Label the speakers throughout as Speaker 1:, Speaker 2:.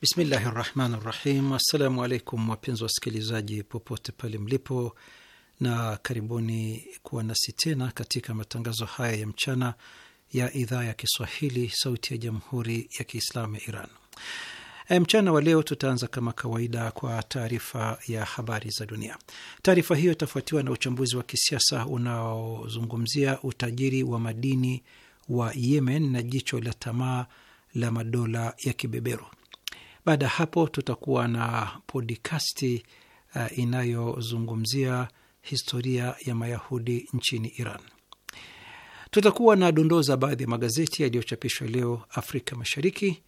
Speaker 1: Bismillahi rahmani rahim. Assalamu alaikum wapenzi wasikilizaji popote pale mlipo, na karibuni kuwa nasi tena katika matangazo haya ya mchana ya idhaa ya Kiswahili sauti ya jamhuri ya Kiislamu ya Iran. Eh, mchana wa leo tutaanza kama kawaida kwa taarifa ya habari za dunia. Taarifa hiyo itafuatiwa na uchambuzi wa kisiasa unaozungumzia utajiri wa madini wa Yemen na jicho la tamaa la madola ya kibeberu. Baada ya hapo, tutakuwa na podikasti uh, inayozungumzia historia ya Mayahudi nchini Iran. Tutakuwa na dondoo za baadhi ya magazeti yaliyochapishwa leo Afrika Mashariki,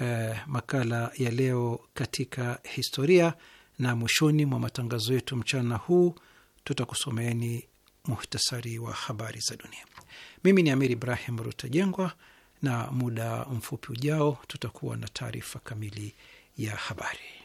Speaker 1: uh, makala ya leo katika historia, na mwishoni mwa matangazo yetu mchana huu tutakusomeeni muhtasari wa habari za dunia. Mimi ni Amir Ibrahim Rutajengwa na muda mfupi ujao tutakuwa na taarifa kamili ya habari.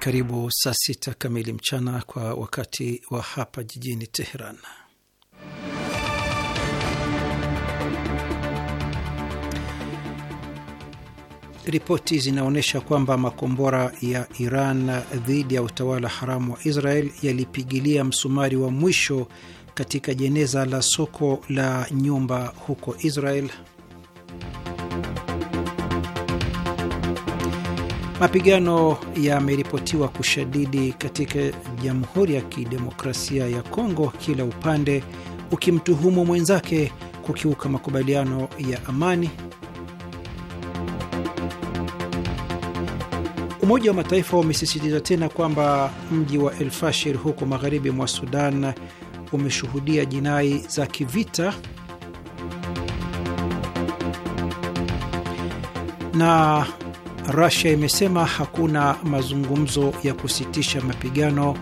Speaker 1: karibu saa sita kamili mchana kwa wakati wa hapa jijini Teheran. Ripoti zinaonyesha kwamba makombora ya Iran dhidi ya utawala haramu wa Israel yalipigilia msumari wa mwisho katika jeneza la soko la nyumba huko Israel. Mapigano yameripotiwa kushadidi katika Jamhuri ya Kidemokrasia ya Kongo, kila upande ukimtuhumu mwenzake kukiuka makubaliano ya amani. Umoja wa Mataifa umesisitiza tena kwamba mji wa El huko magharibi mwa Sudan umeshuhudia jinai za kivita. Na rasia imesema hakuna mazungumzo ya kusitisha mapigano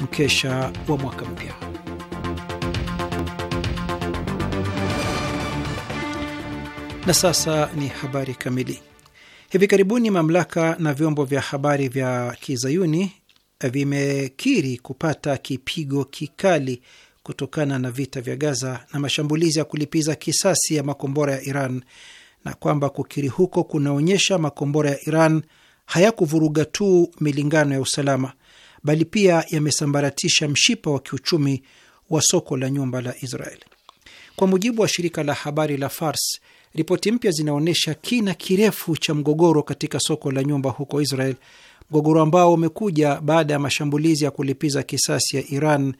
Speaker 1: mkesha wa mwaka mpya. Na sasa ni habari kamili. Hivi karibuni mamlaka na vyombo vya habari vya kizayuni vimekiri kupata kipigo kikali kutokana na vita vya Gaza na mashambulizi ya kulipiza kisasi ya makombora ya Iran na kwamba kukiri huko kunaonyesha makombora ya Iran hayakuvuruga tu milingano ya usalama, bali pia yamesambaratisha mshipa wa kiuchumi wa soko la nyumba la Israel. Kwa mujibu wa shirika la habari la Fars, ripoti mpya zinaonyesha kina kirefu cha mgogoro katika soko la nyumba huko Israel, mgogoro ambao umekuja baada ya mashambulizi ya kulipiza kisasi ya Iran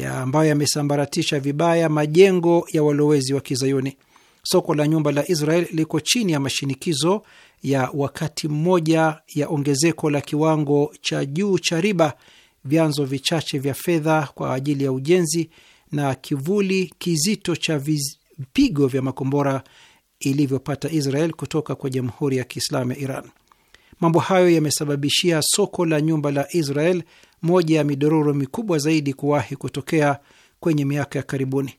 Speaker 1: ya ambayo yamesambaratisha vibaya majengo ya walowezi wa Kizayuni. Soko la nyumba la Israel liko chini ya mashinikizo ya wakati mmoja ya ongezeko la kiwango cha juu cha riba, vyanzo vichache vya fedha kwa ajili ya ujenzi na kivuli kizito cha vipigo vya makombora ilivyopata Israel kutoka kwa Jamhuri ya Kiislamu ya Iran. Mambo hayo yamesababishia soko la nyumba la Israel moja ya midororo mikubwa zaidi kuwahi kutokea kwenye miaka ya karibuni.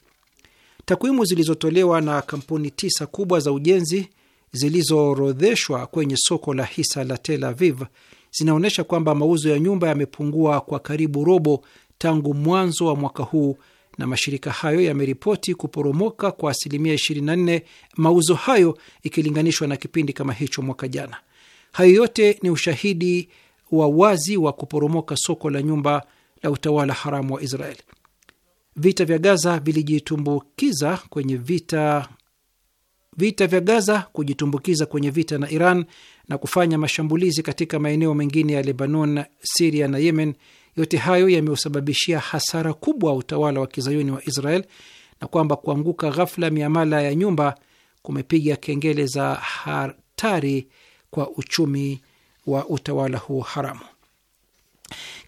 Speaker 1: Takwimu zilizotolewa na kampuni tisa kubwa za ujenzi zilizoorodheshwa kwenye soko la hisa la Tel Aviv zinaonyesha kwamba mauzo ya nyumba yamepungua kwa karibu robo tangu mwanzo wa mwaka huu, na mashirika hayo yameripoti kuporomoka kwa asilimia 24 mauzo hayo ikilinganishwa na kipindi kama hicho mwaka jana. Hayo yote ni ushahidi wa wazi wa kuporomoka soko la nyumba la utawala haramu wa Israeli vita vya Gaza vilijitumbukiza kwenye vita vita vya Gaza kujitumbukiza kwenye vita na Iran na kufanya mashambulizi katika maeneo mengine ya Lebanon, Siria na Yemen. Yote hayo yameusababishia hasara kubwa utawala wa kizayuni wa Israel, na kwamba kuanguka ghafla miamala ya nyumba kumepiga kengele za hatari kwa uchumi wa utawala huo haramu.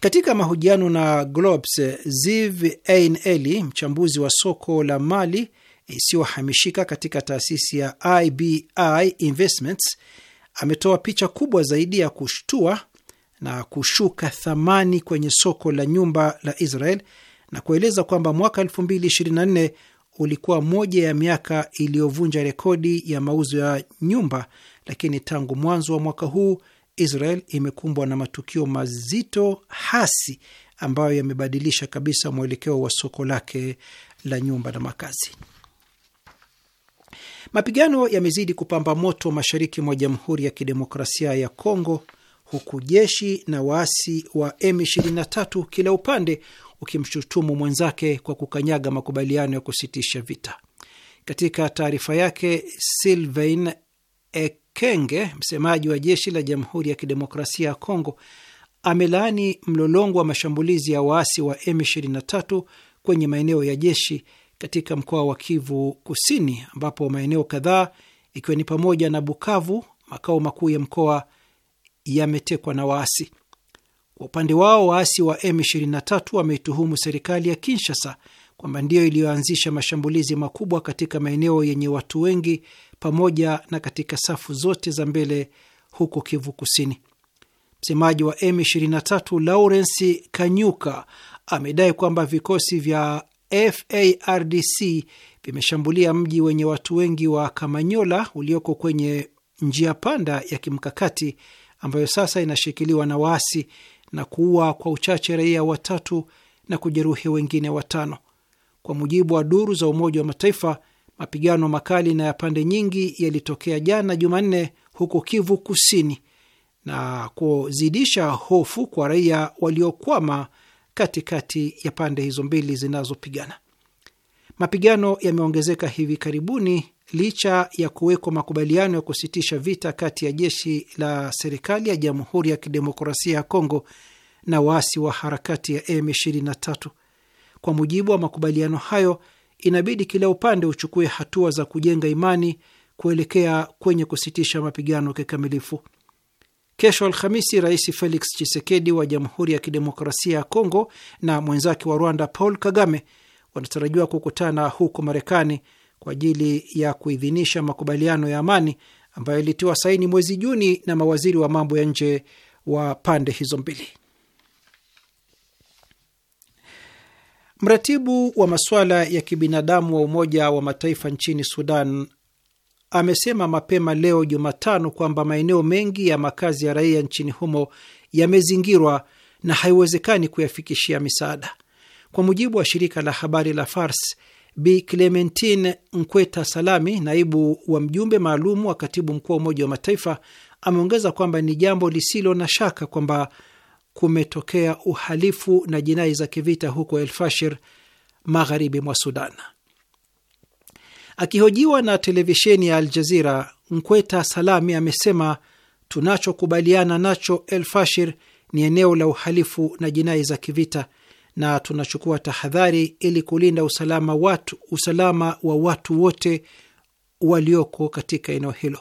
Speaker 1: Katika mahojiano na Globes, Ziv Ein Eli, mchambuzi wa soko la mali isiyohamishika katika taasisi ya IBI Investments, ametoa picha kubwa zaidi ya kushtua na kushuka thamani kwenye soko la nyumba la Israel na kueleza kwamba mwaka 2024 ulikuwa moja ya miaka iliyovunja rekodi ya mauzo ya nyumba, lakini tangu mwanzo wa mwaka huu Israel imekumbwa na matukio mazito hasi ambayo yamebadilisha kabisa mwelekeo wa soko lake la nyumba na makazi. Mapigano yamezidi kupamba moto mashariki mwa Jamhuri ya Kidemokrasia ya Kongo, huku jeshi na waasi wa M23 kila upande ukimshutumu mwenzake kwa kukanyaga makubaliano ya kusitisha vita. Katika taarifa yake Sylvain Kenge, msemaji wa jeshi la Jamhuri ya Kidemokrasia ya Kongo, amelaani mlolongo wa mashambulizi ya waasi wa M23 kwenye maeneo ya jeshi katika mkoa wa Kivu Kusini, ambapo maeneo kadhaa ikiwa ni pamoja na Bukavu, makao makuu ya mkoa, yametekwa na waasi. Kwa upande wao, waasi wa M23 wameituhumu serikali ya Kinshasa kwamba ndiyo iliyoanzisha mashambulizi makubwa katika maeneo yenye watu wengi pamoja na katika safu zote za mbele huko Kivu Kusini. Msemaji wa M23 Lawrence Kanyuka amedai kwamba vikosi vya FARDC vimeshambulia mji wenye watu wengi wa Kamanyola ulioko kwenye njia panda ya kimkakati ambayo sasa inashikiliwa na waasi na kuua kwa uchache raia watatu na kujeruhi wengine watano, kwa mujibu wa duru za Umoja wa Mataifa. Mapigano makali na ya pande nyingi yalitokea jana Jumanne huko Kivu Kusini na kuzidisha hofu kwa raia waliokwama katikati ya pande hizo mbili zinazopigana. Mapigano yameongezeka hivi karibuni licha ya kuwekwa makubaliano ya kusitisha vita kati ya jeshi la serikali ya Jamhuri ya Kidemokrasia ya Kongo na waasi wa harakati ya M23. Kwa mujibu wa makubaliano hayo, inabidi kila upande uchukue hatua za kujenga imani kuelekea kwenye kusitisha mapigano kikamilifu. Kesho Alhamisi, Rais Felix Tshisekedi wa Jamhuri ya Kidemokrasia ya Kongo na mwenzake wa Rwanda Paul Kagame wanatarajiwa kukutana huko Marekani kwa ajili ya kuidhinisha makubaliano ya amani ambayo ilitiwa saini mwezi Juni na mawaziri wa mambo ya nje wa pande hizo mbili. Mratibu wa masuala ya kibinadamu wa Umoja wa Mataifa nchini Sudan amesema mapema leo Jumatano kwamba maeneo mengi ya makazi ya raia nchini humo yamezingirwa na haiwezekani kuyafikishia misaada. Kwa mujibu wa shirika la habari la Fars, Bi Clementine Nkweta Salami, naibu wa mjumbe maalum wa katibu mkuu wa Umoja wa Mataifa, ameongeza kwamba ni jambo lisilo na shaka kwamba kumetokea uhalifu na jinai za kivita huko El Fashir, magharibi mwa Sudan. Akihojiwa na televisheni ya Al Jazira, Nkweta Salami amesema tunachokubaliana nacho El Fashir ni eneo la uhalifu na jinai za kivita na tunachukua tahadhari ili kulinda usalama, watu, usalama wa watu wote walioko katika eneo hilo.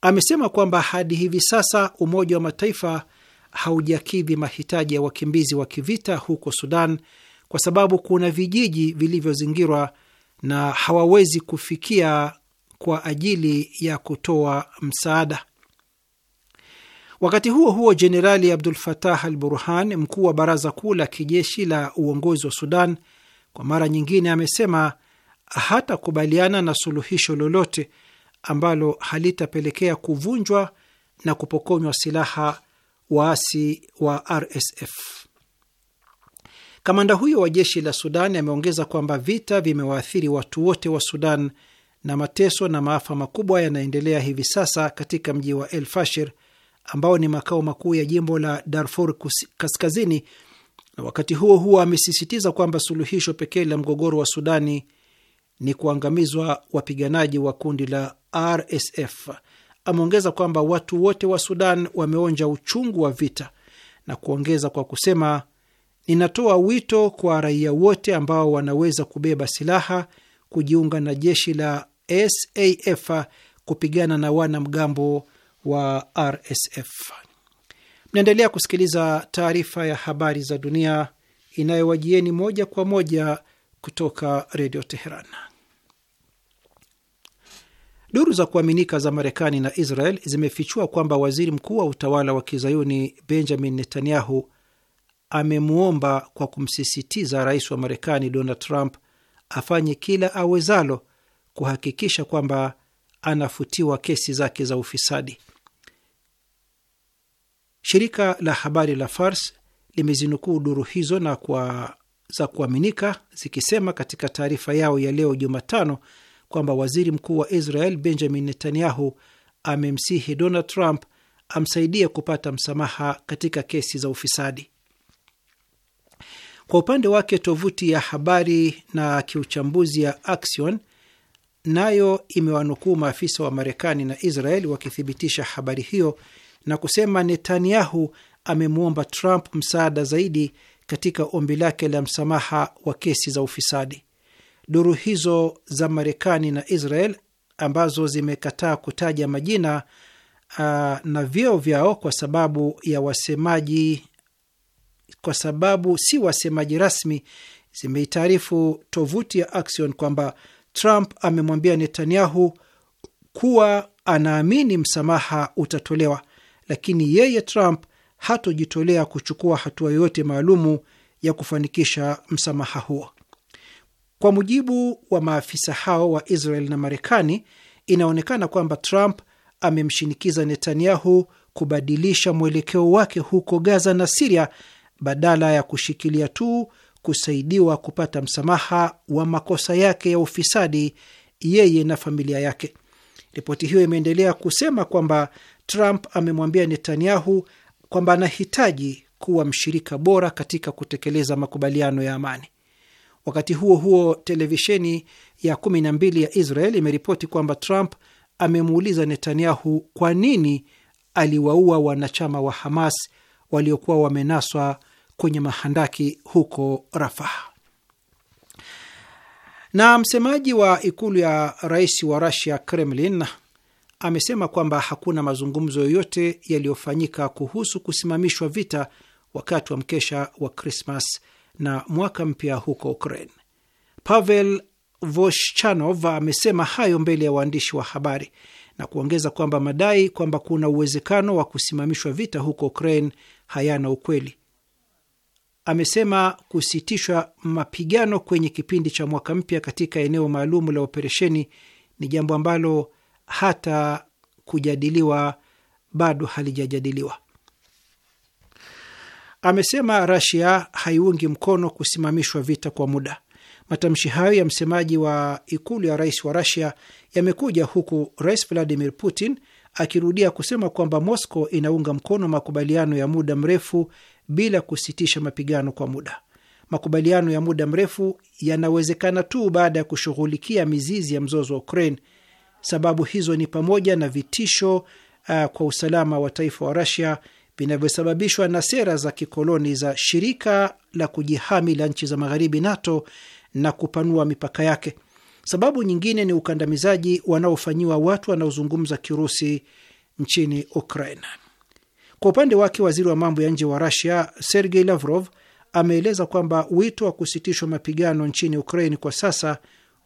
Speaker 1: Amesema kwamba hadi hivi sasa Umoja wa Mataifa haujakidhi mahitaji ya wakimbizi wa kivita huko Sudan kwa sababu kuna vijiji vilivyozingirwa na hawawezi kufikia kwa ajili ya kutoa msaada. Wakati huo huo, Jenerali Abdul Fatah al Burhan, mkuu wa baraza kuu la kijeshi la uongozi wa Sudan, kwa mara nyingine amesema hatakubaliana na suluhisho lolote ambalo halitapelekea kuvunjwa na kupokonywa silaha waasi wa RSF. Kamanda huyo wa jeshi la Sudan ameongeza kwamba vita vimewaathiri watu wote wa Sudan na mateso na maafa makubwa yanaendelea hivi sasa katika mji wa El Fashir ambao ni makao makuu ya jimbo la Darfur Kaskazini, na wakati huo huo amesisitiza kwamba suluhisho pekee la mgogoro wa Sudani ni kuangamizwa wapiganaji wa kundi la RSF ameongeza kwamba watu wote wa Sudan wameonja uchungu wa vita na kuongeza kwa kusema, ninatoa wito kwa raia wote ambao wanaweza kubeba silaha kujiunga na jeshi la SAF kupigana na wanamgambo wa RSF. Mnaendelea kusikiliza taarifa ya habari za dunia inayowajieni moja kwa moja kutoka Redio Teheran. Duru za kuaminika za Marekani na Israel zimefichua kwamba waziri mkuu wa utawala wa kizayuni Benjamin Netanyahu amemwomba kwa kumsisitiza rais wa Marekani Donald Trump afanye kila awezalo kuhakikisha kwamba anafutiwa kesi zake za ufisadi. Shirika la habari la Fars limezinukuu duru hizo na kwa za kuaminika zikisema katika taarifa yao ya leo Jumatano kwamba waziri mkuu wa Israel Benjamin Netanyahu amemsihi Donald Trump amsaidie kupata msamaha katika kesi za ufisadi. Kwa upande wake, tovuti ya habari na kiuchambuzi ya Axios nayo imewanukuu maafisa wa Marekani na Israel wakithibitisha habari hiyo na kusema Netanyahu amemwomba Trump msaada zaidi katika ombi lake la msamaha wa kesi za ufisadi. Duru hizo za Marekani na Israel ambazo zimekataa kutaja majina uh, na vyeo vyao kwa sababu ya wasemaji, kwa sababu si wasemaji rasmi, zimeitaarifu tovuti ya Axios kwamba Trump amemwambia Netanyahu kuwa anaamini msamaha utatolewa, lakini yeye Trump hatojitolea kuchukua hatua yoyote maalumu ya kufanikisha msamaha huo. Kwa mujibu wa maafisa hao wa Israel na Marekani, inaonekana kwamba Trump amemshinikiza Netanyahu kubadilisha mwelekeo wake huko Gaza na Siria badala ya kushikilia tu kusaidiwa kupata msamaha wa makosa yake ya ufisadi yeye na familia yake. Ripoti hiyo imeendelea kusema kwamba Trump amemwambia Netanyahu kwamba anahitaji kuwa mshirika bora katika kutekeleza makubaliano ya amani. Wakati huo huo, televisheni ya kumi na mbili ya Israel imeripoti kwamba Trump amemuuliza Netanyahu kwa nini aliwaua wanachama wa Hamas waliokuwa wamenaswa kwenye mahandaki huko Rafah. Na msemaji wa ikulu ya rais wa Rusia, Kremlin, amesema kwamba hakuna mazungumzo yoyote yaliyofanyika kuhusu kusimamishwa vita wakati wa mkesha wa Krismas na mwaka mpya huko Ukraine. Pavel Voshchanov amesema hayo mbele ya waandishi wa habari na kuongeza kwamba madai kwamba kuna uwezekano wa kusimamishwa vita huko Ukraine hayana ukweli. Amesema kusitishwa mapigano kwenye kipindi cha mwaka mpya katika eneo maalum la operesheni ni jambo ambalo hata kujadiliwa bado halijajadiliwa amesema Rasia haiungi mkono kusimamishwa vita kwa muda. Matamshi hayo ya msemaji wa ikulu ya rais wa Rasia yamekuja huku rais Vladimir Putin akirudia kusema kwamba Moscow inaunga mkono makubaliano ya muda mrefu bila kusitisha mapigano kwa muda. Makubaliano ya muda mrefu yanawezekana tu baada ya kushughulikia mizizi ya mzozo wa Ukraine. Sababu hizo ni pamoja na vitisho uh, kwa usalama wa taifa wa Rasia vinavyosababishwa na sera za kikoloni za shirika la kujihami la nchi za magharibi NATO na kupanua mipaka yake. Sababu nyingine ni ukandamizaji wanaofanyiwa watu wanaozungumza Kirusi nchini ukrain Kwa upande wake, waziri wa mambo ya nje wa Rusia Sergei Lavrov ameeleza kwamba wito wa kusitishwa mapigano nchini ukrain kwa sasa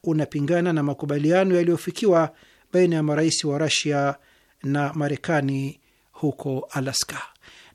Speaker 1: unapingana na makubaliano yaliyofikiwa baina ya marais wa Rusia na Marekani huko Alaska.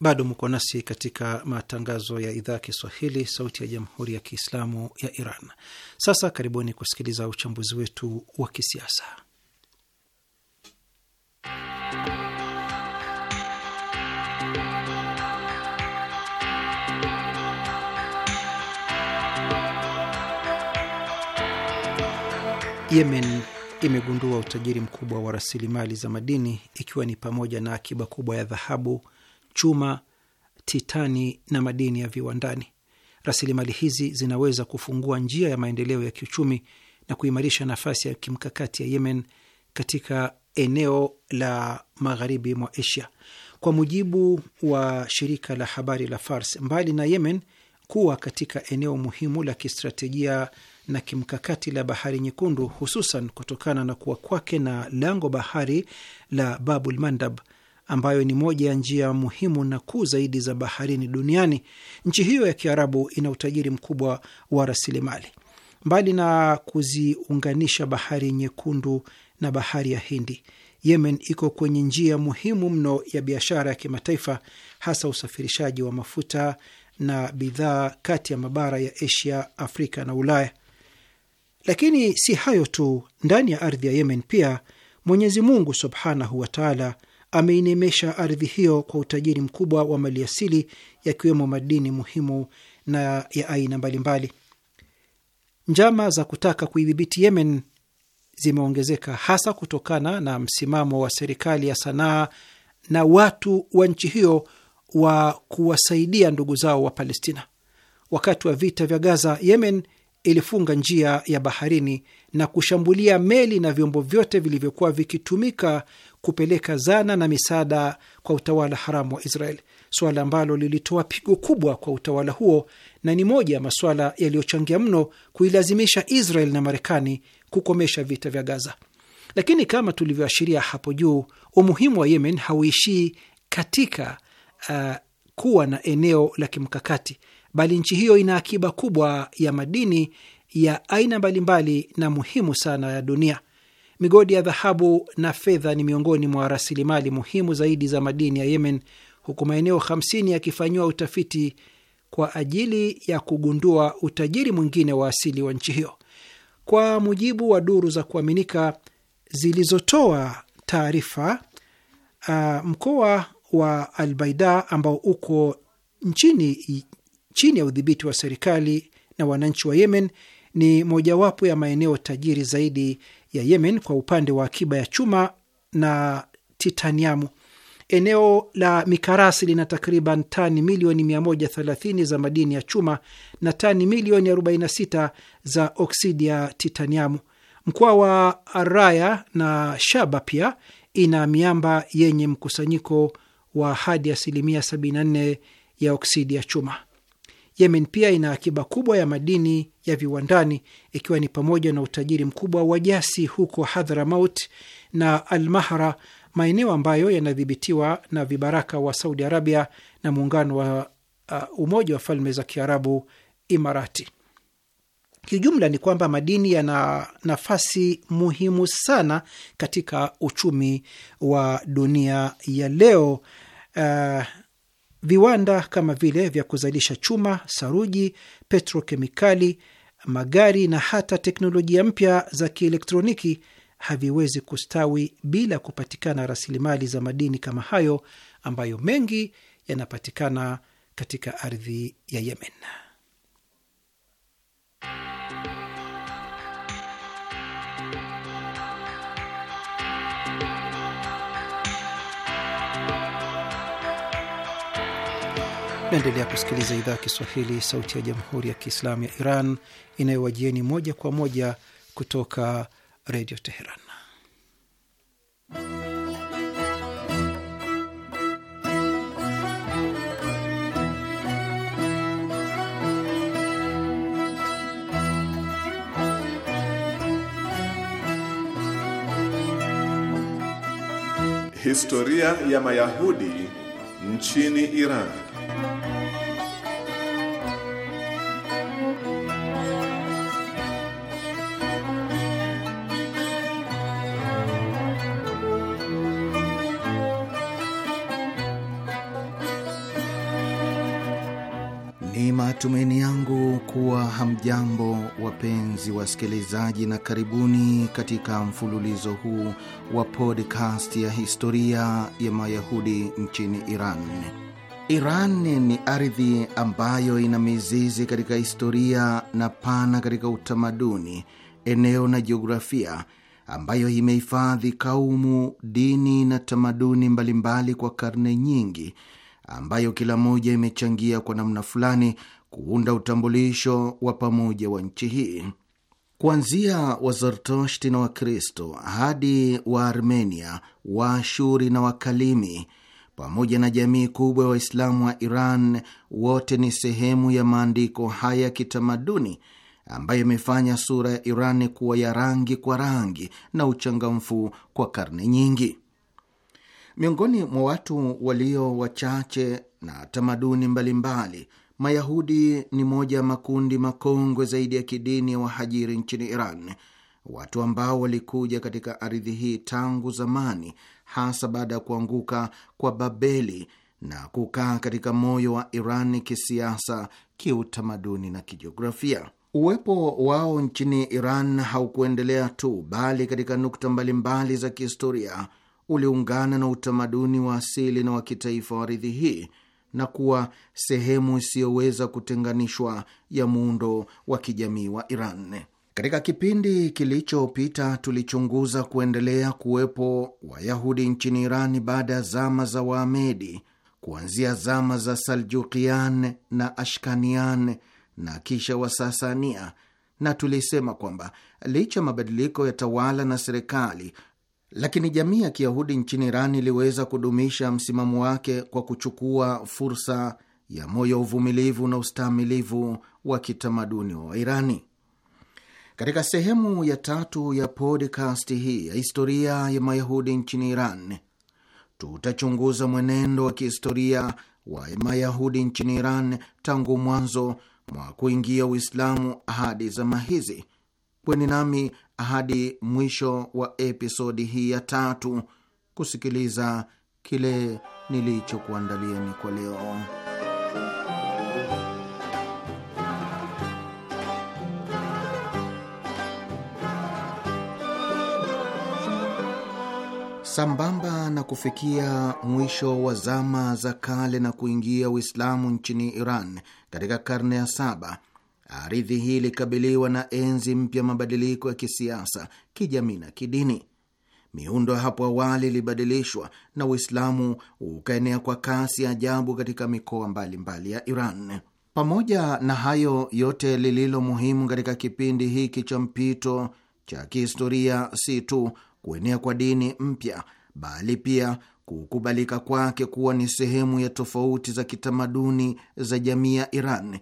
Speaker 1: Bado mko nasi katika matangazo ya idhaa Kiswahili, sauti ya jamhuri ya kiislamu ya Iran. Sasa karibuni kusikiliza uchambuzi wetu wa kisiasa. Yemen imegundua utajiri mkubwa wa rasilimali za madini ikiwa ni pamoja na akiba kubwa ya dhahabu chuma, titani na madini ya viwandani. Rasilimali hizi zinaweza kufungua njia ya maendeleo ya kiuchumi na kuimarisha nafasi ya kimkakati ya Yemen katika eneo la magharibi mwa Asia. Kwa mujibu wa shirika la habari la Fars, mbali na Yemen kuwa katika eneo muhimu la kistratejia na kimkakati la Bahari Nyekundu, hususan kutokana na kuwa kwake na lango bahari la Babul Mandab, ambayo ni moja ya njia muhimu na kuu zaidi za baharini duniani. Nchi hiyo ya Kiarabu ina utajiri mkubwa wa rasilimali. Mbali na kuziunganisha bahari nyekundu na bahari ya Hindi, Yemen iko kwenye njia muhimu mno ya biashara ya kimataifa, hasa usafirishaji wa mafuta na bidhaa kati ya mabara ya Asia, Afrika na Ulaya. Lakini si hayo tu, ndani ya ardhi ya Yemen pia Mwenyezi Mungu subhanahu wa taala ameinemesha ardhi hiyo kwa utajiri mkubwa wa maliasili yakiwemo madini muhimu na ya aina mbalimbali. Njama za kutaka kuidhibiti Yemen zimeongezeka hasa kutokana na msimamo wa serikali ya Sanaa na watu wa nchi hiyo wa kuwasaidia ndugu zao wa Palestina. Wakati wa vita vya Gaza, Yemen ilifunga njia ya baharini na kushambulia meli na vyombo vyote vilivyokuwa vikitumika kupeleka zana na misaada kwa utawala haramu wa Israel, suala ambalo lilitoa pigo kubwa kwa utawala huo na ni moja ya masuala yaliyochangia mno kuilazimisha Israel na Marekani kukomesha vita vya Gaza. Lakini kama tulivyoashiria hapo juu, umuhimu wa Yemen hauishii katika uh, kuwa na eneo la kimkakati, bali nchi hiyo ina akiba kubwa ya madini ya aina mbalimbali na muhimu sana ya dunia. Migodi ya dhahabu na fedha ni miongoni mwa rasilimali muhimu zaidi za madini ya Yemen, huku maeneo 50 yakifanyiwa utafiti kwa ajili ya kugundua utajiri mwingine wa asili wa nchi hiyo. Kwa mujibu wa duru za kuaminika zilizotoa taarifa, uh, mkoa wa Albaida ambao uko nchini chini ya udhibiti wa serikali na wananchi wa Yemen ni mojawapo ya maeneo tajiri zaidi ya Yemen kwa upande wa akiba ya chuma na titaniamu. Eneo la mikarasi lina takriban tani milioni 130 za madini ya chuma na tani milioni 46 za oksidi ya titaniamu. Mkoa wa Araya na Shaba pia ina miamba yenye mkusanyiko wa hadi asilimia 74 ya oksidi ya chuma. Yemen pia ina akiba kubwa ya madini ya viwandani ikiwa ni pamoja na utajiri mkubwa wa jasi huko Hadhramaut na Almahra, maeneo ambayo yanadhibitiwa na vibaraka wa Saudi Arabia na muungano wa uh, Umoja wa Falme za Kiarabu, Imarati. Kiujumla ni kwamba madini yana nafasi muhimu sana katika uchumi wa dunia ya leo. Uh, Viwanda kama vile vya kuzalisha chuma, saruji, petrokemikali, magari na hata teknolojia mpya za kielektroniki haviwezi kustawi bila kupatikana rasilimali za madini kama hayo ambayo mengi yanapatikana katika ardhi ya Yemen. Naendelea kusikiliza idhaa ya Kiswahili, sauti ya jamhuri ya kiislamu ya Iran inayowajieni moja kwa moja kutoka redio Teheran. Historia ya Mayahudi
Speaker 2: nchini Iran.
Speaker 3: Hamjambo, wapenzi wasikilizaji, na karibuni katika mfululizo huu wa podcast ya historia ya Mayahudi nchini Iran. Iran ni ardhi ambayo ina mizizi katika historia na pana katika utamaduni, eneo na jiografia, ambayo imehifadhi kaumu, dini na tamaduni mbalimbali mbali kwa karne nyingi, ambayo kila moja imechangia kwa namna fulani kuunda utambulisho wa pamoja wa nchi hii. Kuanzia wazortoshti na Wakristo hadi Waarmenia, Waashuri na Wakalimi pamoja na jamii kubwa ya Waislamu wa Iran, wote ni sehemu ya maandiko haya ya kitamaduni ambayo imefanya sura ya Iran kuwa ya rangi kwa rangi na uchangamfu kwa karne nyingi. Miongoni mwa watu walio wachache na tamaduni mbalimbali mbali, Mayahudi ni moja ya makundi makongwe zaidi ya kidini ya wahajiri nchini Iran, watu ambao walikuja katika ardhi hii tangu zamani, hasa baada ya kuanguka kwa Babeli na kukaa katika moyo wa Iran kisiasa, kiutamaduni na kijiografia. Uwepo wao nchini Iran haukuendelea tu, bali katika nukta mbalimbali za kihistoria uliungana na utamaduni wa asili na wa kitaifa wa ardhi hii na kuwa sehemu isiyoweza kutenganishwa ya muundo wa kijamii wa Iran. Katika kipindi kilichopita tulichunguza kuendelea kuwepo Wayahudi nchini Irani baada ya zama za Waamedi, kuanzia zama za Saljukian na Ashkanian na kisha Wasasania, na tulisema kwamba licha ya mabadiliko ya tawala na serikali lakini jamii ya Kiyahudi nchini Iran iliweza kudumisha msimamo wake kwa kuchukua fursa ya moyo wa uvumilivu na ustahimilivu wa kitamaduni wa Irani. Katika sehemu ya tatu ya podcast hii ya historia ya Mayahudi nchini Iran, tutachunguza mwenendo wa kihistoria wa Mayahudi nchini Iran tangu mwanzo mwa kuingia Uislamu hadi zama hizi Kweni nami hadi mwisho wa episodi hii ya tatu kusikiliza kile nilichokuandalieni kwa leo. Sambamba na kufikia mwisho wa zama za kale na kuingia Uislamu nchini Iran katika karne ya saba Ardhi hii ilikabiliwa na enzi mpya, mabadiliko ya kisiasa, kijamii na kidini. Miundo ya hapo awali ilibadilishwa na Uislamu ukaenea kwa kasi ya ajabu katika mikoa mbalimbali ya Iran. Pamoja na hayo yote, lililo muhimu katika kipindi hiki cha mpito cha kihistoria si tu kuenea kwa dini mpya, bali pia kukubalika kwake kuwa ni sehemu ya tofauti za kitamaduni za jamii ya Iran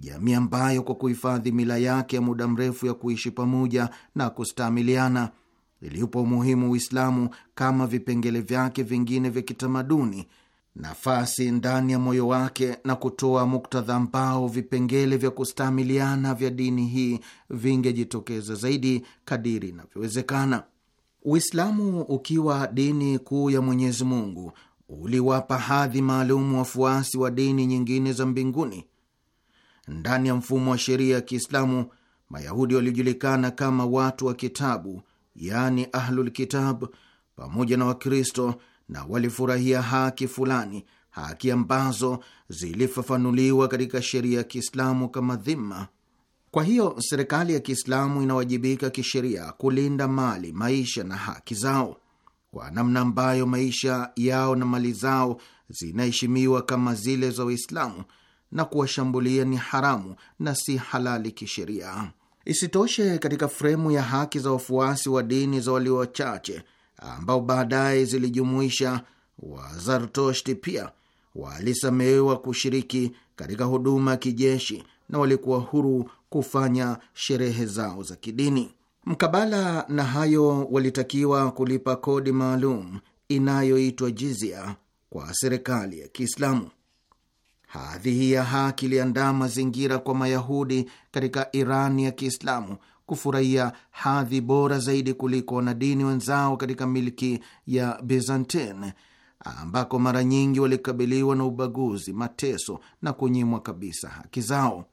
Speaker 3: jamii ambayo kwa kuhifadhi mila yake ya muda mrefu ya kuishi pamoja na kustaamiliana iliupa umuhimu Uislamu kama vipengele vyake vingine vya kitamaduni nafasi ndani ya moyo wake na kutoa muktadha ambao vipengele vya kustaamiliana vya dini hii vingejitokeza zaidi kadiri inavyowezekana. Uislamu ukiwa dini kuu ya Mwenyezi Mungu uliwapa hadhi maalumu wafuasi wa dini nyingine za mbinguni ndani ya mfumo wa sheria ya Kiislamu, Mayahudi waliojulikana kama watu wa kitabu, yaani ahlul kitab, pamoja na Wakristo, na walifurahia haki fulani, haki ambazo zilifafanuliwa katika sheria ya Kiislamu kama dhima. Kwa hiyo serikali ya Kiislamu inawajibika kisheria kulinda mali, maisha na haki zao kwa namna ambayo maisha yao na mali zao zinaheshimiwa kama zile za Waislamu na kuwashambulia ni haramu na si halali kisheria. Isitoshe, katika fremu ya haki za wafuasi wa dini za walio wachache ambao baadaye zilijumuisha Wazartoshti, pia walisamehewa kushiriki katika huduma ya kijeshi na walikuwa huru kufanya sherehe zao za kidini. Mkabala na hayo, walitakiwa kulipa kodi maalum inayoitwa jizia kwa serikali ya Kiislamu. Hadhi hii ya haki iliandaa mazingira kwa Mayahudi katika Irani ya Kiislamu kufurahia hadhi bora zaidi kuliko wanadini wenzao katika milki ya Byzantine ambako mara nyingi walikabiliwa na ubaguzi, mateso na kunyimwa kabisa haki zao.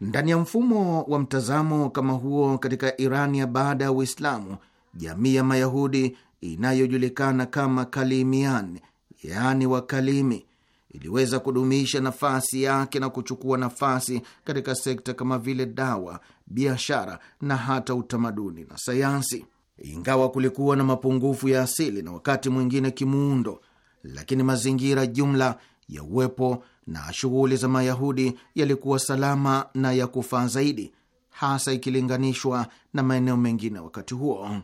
Speaker 3: Ndani ya mfumo wa mtazamo kama huo, katika Irani ya baada ya Uislamu, jamii ya Mayahudi inayojulikana kama Kalimian, yaani Wakalimi, iliweza kudumisha nafasi yake na kuchukua nafasi katika sekta kama vile dawa, biashara na hata utamaduni na sayansi. Ingawa kulikuwa na mapungufu ya asili na wakati mwingine kimuundo, lakini mazingira jumla ya uwepo na shughuli za Mayahudi yalikuwa salama na ya kufaa zaidi, hasa ikilinganishwa na maeneo mengine wakati huo.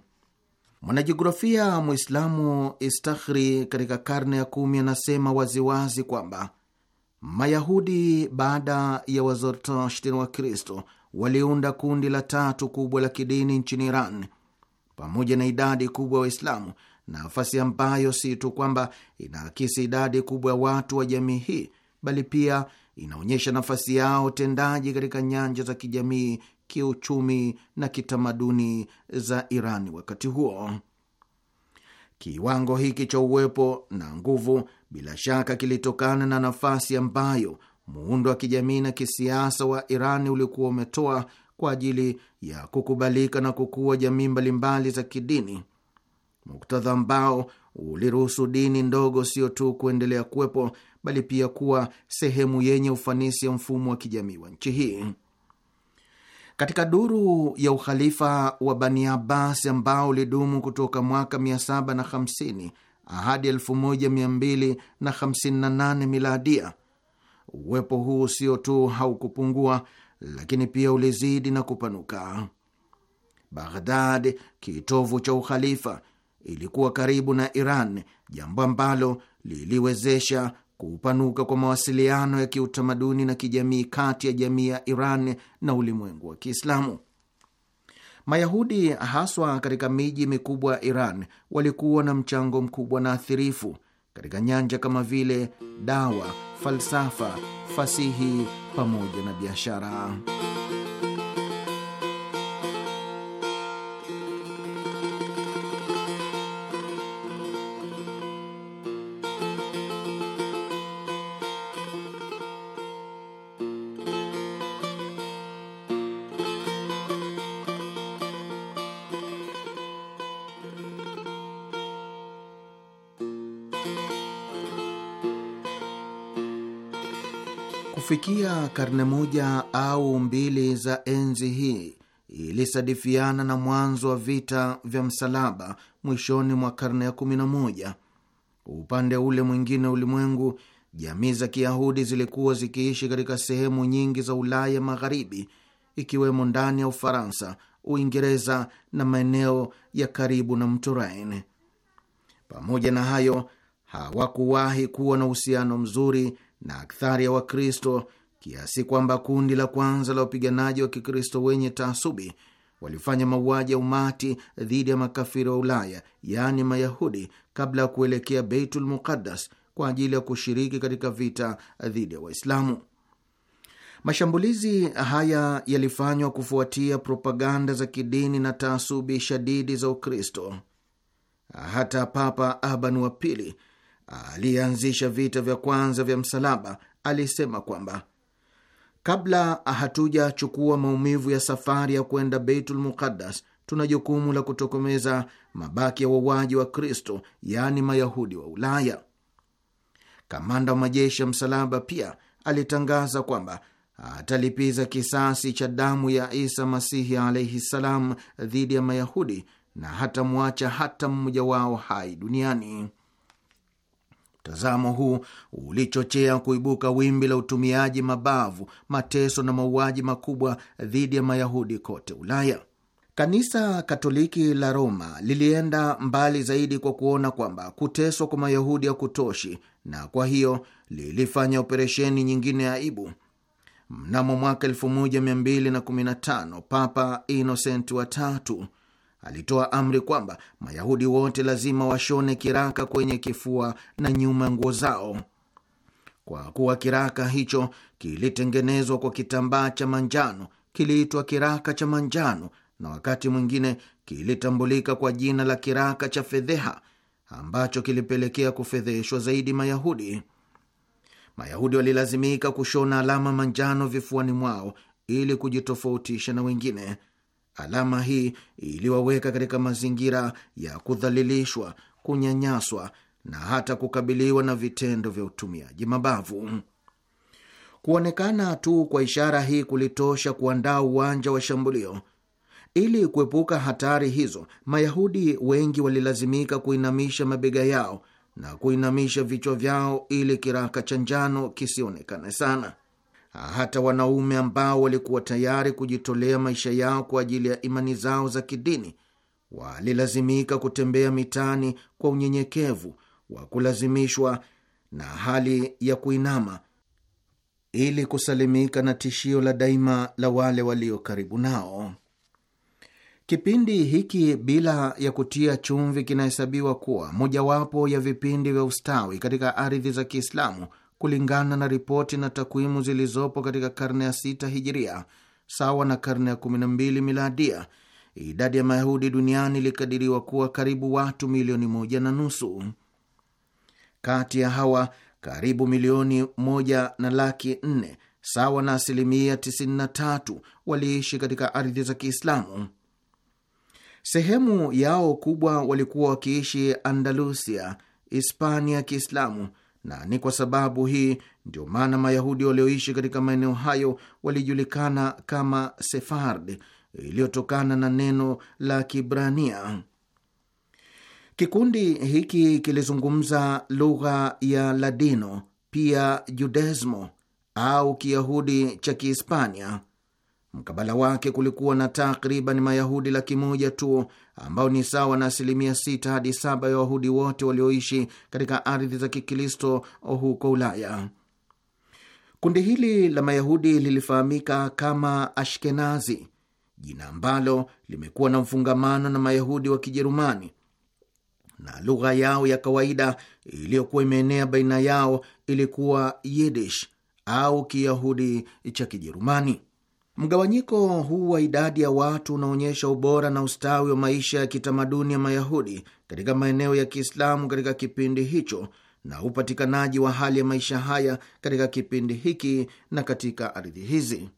Speaker 3: Mwanajiografia Mwislamu Istakhri katika karne ya kumi anasema waziwazi kwamba Mayahudi baada ya Wazoroastri wa Kristo waliunda kundi la tatu kubwa la kidini nchini Iran pamoja na idadi kubwa ya Waislamu, nafasi ambayo si tu kwamba inaakisi idadi kubwa ya watu wa jamii hii, bali pia inaonyesha nafasi yao tendaji katika nyanja za kijamii, kiuchumi na kitamaduni za Irani wakati huo. Kiwango hiki cha uwepo na nguvu bila shaka kilitokana na nafasi ambayo muundo wa kijamii na kisiasa wa Irani ulikuwa umetoa kwa ajili ya kukubalika na kukua jamii mbalimbali za kidini, muktadha ambao uliruhusu dini ndogo sio tu kuendelea kuwepo bali pia kuwa sehemu yenye ufanisi ya mfumo wa kijamii wa nchi hii. Katika duru ya ukhalifa wa Bani Abbas ambao ulidumu kutoka mwaka 750 hadi 1258 miladia, uwepo huu sio tu haukupungua, lakini pia ulizidi na kupanuka. Baghdad, kitovu cha ukhalifa, ilikuwa karibu na Iran, jambo ambalo liliwezesha kupanuka kwa mawasiliano ya kiutamaduni na kijamii kati ya jamii ya Iran na ulimwengu wa Kiislamu. Mayahudi haswa katika miji mikubwa ya Iran walikuwa na mchango mkubwa na athirifu katika nyanja kama vile dawa, falsafa, fasihi pamoja na biashara. karne moja au mbili za enzi hii ilisadifiana na mwanzo wa vita vya msalaba mwishoni mwa karne ya 11. Upande ule mwingine ulimwengu, jamii za Kiyahudi zilikuwa zikiishi katika sehemu nyingi za Ulaya Magharibi, ikiwemo ndani ya Ufaransa, Uingereza na maeneo ya karibu na mto Rhine. Pamoja na hayo, hawakuwahi kuwa na uhusiano mzuri na akthari ya Wakristo kiasi kwamba kundi la kwanza la wapiganaji wa Kikristo wenye taasubi walifanya mauaji ya umati dhidi ya makafiri wa Ulaya, yaani Mayahudi, kabla ya kuelekea Beitul Muqaddas kwa ajili ya kushiriki katika vita dhidi ya Waislamu. Mashambulizi haya yalifanywa kufuatia propaganda za kidini na taasubi shadidi za Ukristo. Hata Papa Urban wa Pili aliyeanzisha vita vya kwanza vya msalaba alisema kwamba Kabla hatujachukua maumivu ya safari ya kwenda Beitul Muqaddas, tuna jukumu la kutokomeza mabaki ya wauaji wa Kristo, yaani Mayahudi wa Ulaya. Kamanda wa majeshi ya msalaba pia alitangaza kwamba atalipiza kisasi cha damu ya Isa Masihi alaihi ssalam dhidi ya Mayahudi na hatamwacha hata mmoja wao hai duniani. Mtazamo huu ulichochea kuibuka wimbi la utumiaji mabavu, mateso na mauaji makubwa dhidi ya Mayahudi kote Ulaya. Kanisa Katoliki la Roma lilienda mbali zaidi kwa kuona kwamba kuteswa kwa Mayahudi hakutoshi, na kwa hiyo lilifanya operesheni nyingine ya aibu. Mnamo mwaka 1215 Papa Innocent watatu alitoa amri kwamba Mayahudi wote lazima washone kiraka kwenye kifua na nyuma ya nguo zao. Kwa kuwa kiraka hicho kilitengenezwa kwa kitambaa cha manjano, kiliitwa kiraka cha manjano, na wakati mwingine kilitambulika kwa jina la kiraka cha fedheha, ambacho kilipelekea kufedheshwa zaidi Mayahudi. Mayahudi walilazimika kushona alama manjano vifuani mwao ili kujitofautisha na wengine. Alama hii iliwaweka katika mazingira ya kudhalilishwa, kunyanyaswa na hata kukabiliwa na vitendo vya utumiaji mabavu. Kuonekana tu kwa ishara hii kulitosha kuandaa uwanja wa shambulio. Ili kuepuka hatari hizo, Mayahudi wengi walilazimika kuinamisha mabega yao na kuinamisha vichwa vyao ili kiraka cha njano kisionekane sana hata wanaume ambao walikuwa tayari kujitolea maisha yao kwa ajili ya imani zao za kidini walilazimika kutembea mitaani kwa unyenyekevu wa kulazimishwa na hali ya kuinama ili kusalimika na tishio la daima la wale walio karibu nao. Kipindi hiki bila ya kutia chumvi kinahesabiwa kuwa mojawapo ya vipindi vya ustawi katika ardhi za Kiislamu kulingana na ripoti na takwimu zilizopo katika karne ya sita hijiria sawa na karne ya 12 miladia, idadi ya Mayahudi duniani ilikadiriwa kuwa karibu watu milioni moja na nusu. Kati ya hawa karibu milioni moja na laki nne sawa na asilimia 93 waliishi katika ardhi za Kiislamu. Sehemu yao kubwa walikuwa wakiishi Andalusia, Hispania ya Kiislamu, na ni kwa sababu hii ndio maana Mayahudi walioishi katika maeneo hayo walijulikana kama Sefard, iliyotokana na neno la Kibrania. Kikundi hiki kilizungumza lugha ya Ladino, pia Judesmo au Kiyahudi cha Kihispania. Mkabala wake kulikuwa na takriban Mayahudi laki moja tu ambao ni sawa na asilimia sita hadi saba ya Wayahudi wote walioishi katika ardhi za Kikristo huko Ulaya. Kundi hili la Mayahudi lilifahamika kama Ashkenazi, jina ambalo limekuwa na mfungamano na Mayahudi wa Kijerumani, na lugha yao ya kawaida iliyokuwa imeenea baina yao ilikuwa Yiddish au Kiyahudi cha Kijerumani. Mgawanyiko huu wa idadi ya watu unaonyesha ubora na ustawi wa maisha ya kitamaduni ya Mayahudi katika maeneo ya Kiislamu katika kipindi hicho na upatikanaji wa hali ya maisha haya katika kipindi hiki na katika ardhi hizi.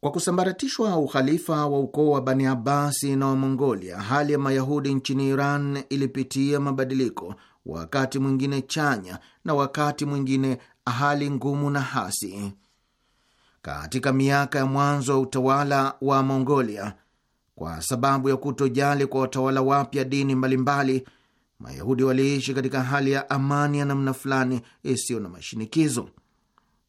Speaker 3: Kwa kusambaratishwa ukhalifa wa ukoo wa Bani Abasi na mongolia hali ya Mayahudi nchini Iran ilipitia mabadiliko, wakati mwingine chanya na wakati mwingine hali ngumu na hasi katika miaka ya mwanzo wa utawala wa Mongolia. Kwa sababu ya kutojali kwa watawala wapya dini mbalimbali, Mayahudi waliishi katika hali ya amani ya namna fulani isiyo na mashinikizo.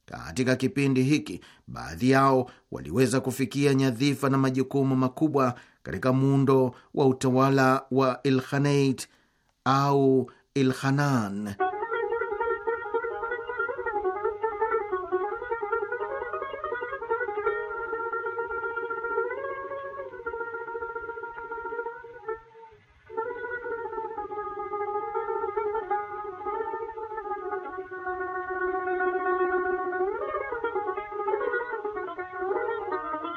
Speaker 3: Katika kipindi hiki, baadhi yao waliweza kufikia nyadhifa na majukumu makubwa katika muundo wa utawala wa Ilkhanate au ilhanan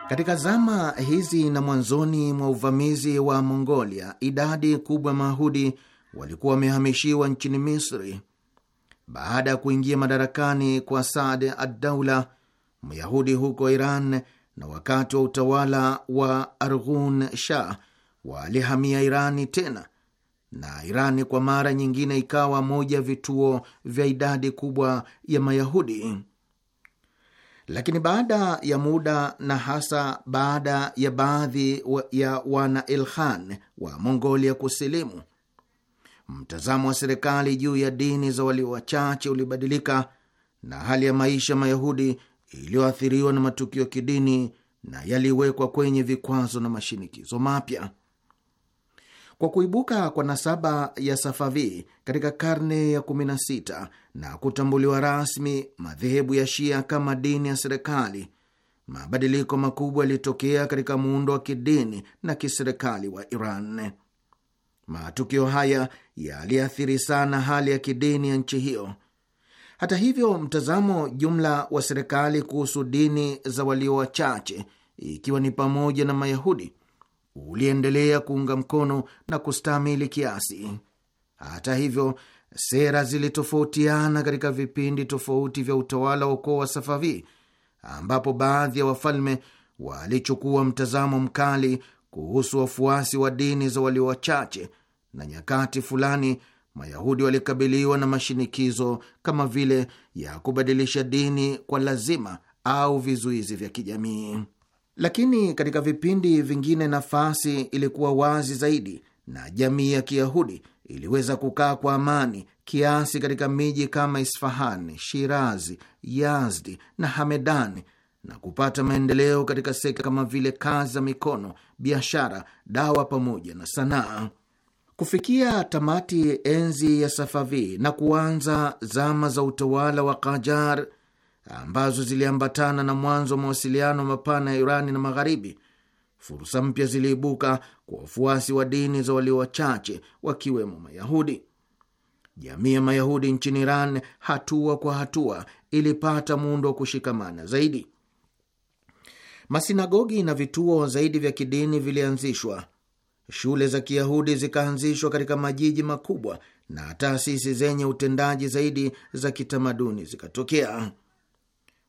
Speaker 3: Katika zama hizi na mwanzoni mwa uvamizi wa Mongolia, idadi kubwa ya Mayahudi walikuwa wamehamishiwa nchini Misri. Baada ya kuingia madarakani kwa Saad Addaula Myahudi huko Iran na wakati wa utawala wa Arghun Shah walihamia Irani tena, na Irani kwa mara nyingine ikawa moja vituo vya idadi kubwa ya Mayahudi. Lakini baada ya muda na hasa baada ya baadhi ya wana Ilkhan wa Mongolia kusilimu, mtazamo wa serikali juu ya dini za walio wachache ulibadilika na hali ya maisha Mayahudi iliyoathiriwa na matukio kidini na yaliwekwa kwenye vikwazo na mashinikizo mapya. Kwa kuibuka kwa nasaba ya Safavi katika karne ya 16 na kutambuliwa rasmi madhehebu ya Shia kama dini ya serikali, mabadiliko makubwa yalitokea katika muundo wa kidini na kiserikali wa Iran. Matukio haya yaliathiri sana hali ya kidini ya nchi hiyo. Hata hivyo, mtazamo jumla wa serikali kuhusu dini za walio wachache, ikiwa ni pamoja na Mayahudi, uliendelea kuunga mkono na kustamili kiasi. Hata hivyo, sera zilitofautiana katika vipindi tofauti vya utawala wa ukoo wa Safavi, ambapo baadhi ya wafalme walichukua mtazamo mkali kuhusu wafuasi wa dini za walio wachache, na nyakati fulani Mayahudi walikabiliwa na mashinikizo kama vile ya kubadilisha dini kwa lazima au vizuizi vya kijamii lakini katika vipindi vingine nafasi ilikuwa wazi zaidi na jamii ya Kiyahudi iliweza kukaa kwa amani kiasi katika miji kama Isfahani, Shirazi, Yazdi na Hamedani na kupata maendeleo katika sekta kama vile kazi za mikono, biashara, dawa pamoja na sanaa. Kufikia tamati enzi ya Safavi na kuanza zama za utawala wa Kajar ambazo ziliambatana na mwanzo wa mawasiliano mapana ya Irani na Magharibi, fursa mpya ziliibuka kwa wafuasi wa dini za walio wachache wakiwemo Mayahudi. Jamii ya Mayahudi nchini Iran hatua kwa hatua ilipata muundo wa kushikamana zaidi. Masinagogi na vituo zaidi vya kidini vilianzishwa, shule za Kiyahudi zikaanzishwa katika majiji makubwa na taasisi zenye utendaji zaidi za kitamaduni zikatokea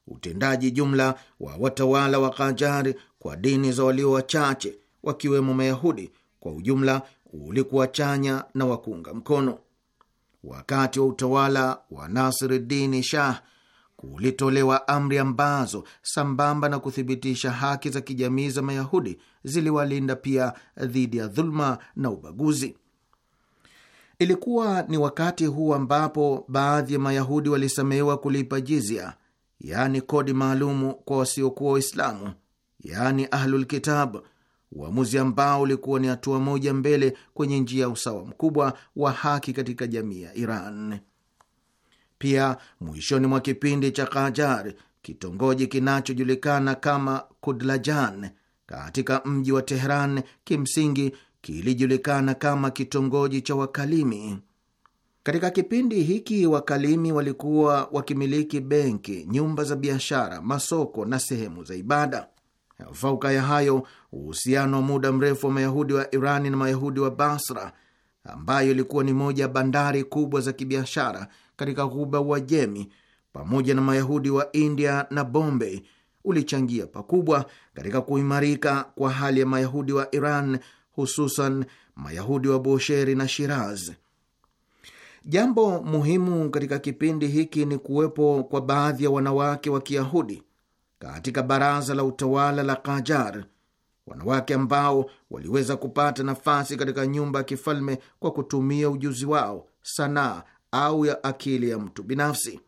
Speaker 3: utendaji jumla wa watawala wa Kajari kwa dini za walio wachache wakiwemo Mayahudi kwa ujumla ulikuwa chanya na wakuunga mkono. Wakati wa utawala wa Nasiruddin Shah kulitolewa amri ambazo sambamba na kuthibitisha haki za kijamii za Mayahudi ziliwalinda pia dhidi ya dhuluma na ubaguzi. Ilikuwa ni wakati huu ambapo baadhi ya Mayahudi walisamehewa kulipa jizia yaani kodi maalumu kwa wasiokuwa Waislamu, yaani Ahlulkitab, uamuzi ambao ulikuwa ni hatua moja mbele kwenye njia ya usawa mkubwa wa haki katika jamii ya Iran. Pia mwishoni mwa kipindi cha Kajar, kitongoji kinachojulikana kama Kudlajan katika mji wa Tehran kimsingi kilijulikana kama kitongoji cha Wakalimi. Katika kipindi hiki wakalimi walikuwa wakimiliki benki, nyumba za biashara, masoko na sehemu za ibada. Fauka ya hayo, uhusiano wa muda mrefu wa Mayahudi wa Irani na Mayahudi wa Basra, ambayo ilikuwa ni moja ya bandari kubwa za kibiashara katika ghuba Uajemi, pamoja na Mayahudi wa India na Bombay, ulichangia pakubwa katika kuimarika kwa hali ya Mayahudi wa Iran, hususan Mayahudi wa Bosheri na Shiraz. Jambo muhimu katika kipindi hiki ni kuwepo kwa baadhi ya wanawake wa Kiyahudi katika baraza la utawala la Kajar, wanawake ambao waliweza kupata nafasi katika nyumba ya kifalme kwa kutumia ujuzi wao, sanaa au ya akili ya mtu binafsi.